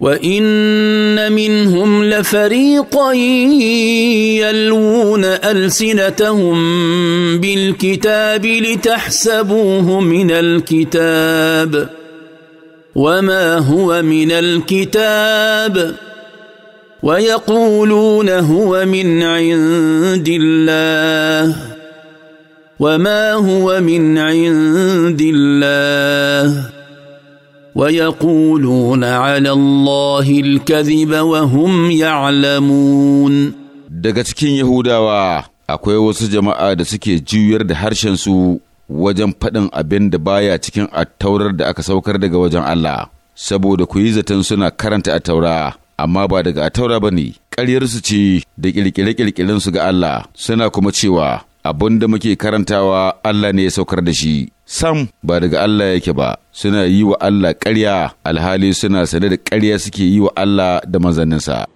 وان منهم لفريقا يلوون السنتهم بالكتاب لتحسبوه من الكتاب وما هو من الكتاب ويقولون هو من عند الله وما هو من عند الله ويقولون على الله الكذب وهم يعلمون daga cikin Yahudawa akwai wasu jama'a da suke juyar da harshen su wajen faɗin abin da baya cikin attaurar da aka saukar daga wajen Allah saboda ku yi zaton suna karanta attaura amma ba daga attaura ba ne ƙaryarsu ce da ƙirƙire-ƙirƙirensu ga Allah suna kuma cewa abin da muke karantawa Allah ne ya saukar da shi sam ba daga Allah yake ba suna yi wa Allah ƙarya alhali suna sane da ƙarya suke yi wa Allah da manzanninsa